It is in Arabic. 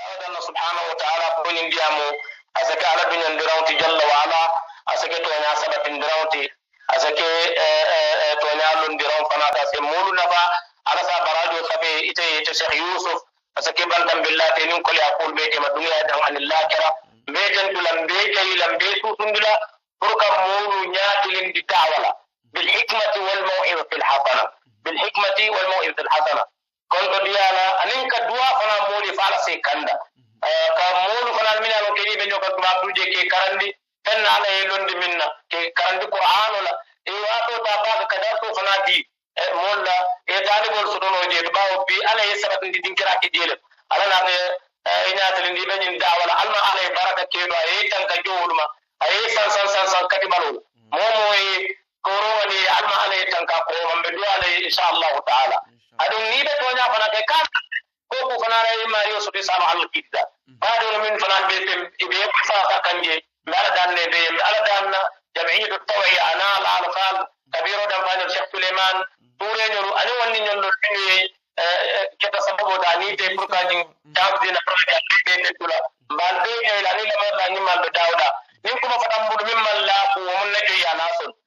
aladanna subhanahu wa taala konin ndiyamo asake ala duñan ndirawti jalla wa ala asake toña sabatin ndirawti asake toña londiran fanata se molu nafa ala sa barajo safe ite ite cheikh yusuf asake bantan billate nin kole a kol ɓeetema duniya dan anillakira mbeetentula mbe jayila mbe susundula pour kam molu ñatilindi tawala bilhikmati walmawidati lhasana bilhikmati walmawidati lhasana kon ɗo diyala anin ka duwa ase kanda ka mulu fanan mina no kedi be nyoka dum abduje ke karandi tan nana e londi minna ke karandi qur'an la e wato ta ba ka da to fana di molla e dali bol so dono je ba o bi ala e sabati di dinkira ke dele ala na be ina talin di be nyin dawala alma ala e baraka ke do e tan ka jowulma ay san san san san kati malo momo e koro wani alma ala e tan ka ko mambe do ala insha Allah ta'ala adun ni be to nya fana ke ماريو سوتي سانو حلو كيدا ما دون من فلان بيتم إبيه بحفاقة كنجي لألا دان نبيه لألا دان جمعية الطوعي أنا العالفان كبيرو دان فاني الشيخ سليمان بوري نورو أنو واني نورو كنجي كتا سببو داني تي بروكا جين جاوك دينا فرحي أحيي بيتم دولا مالبيه إلاني لما دان نمال بتاودا نمكو مفتن بودو ممال لاكو ومن نجي يا ناسون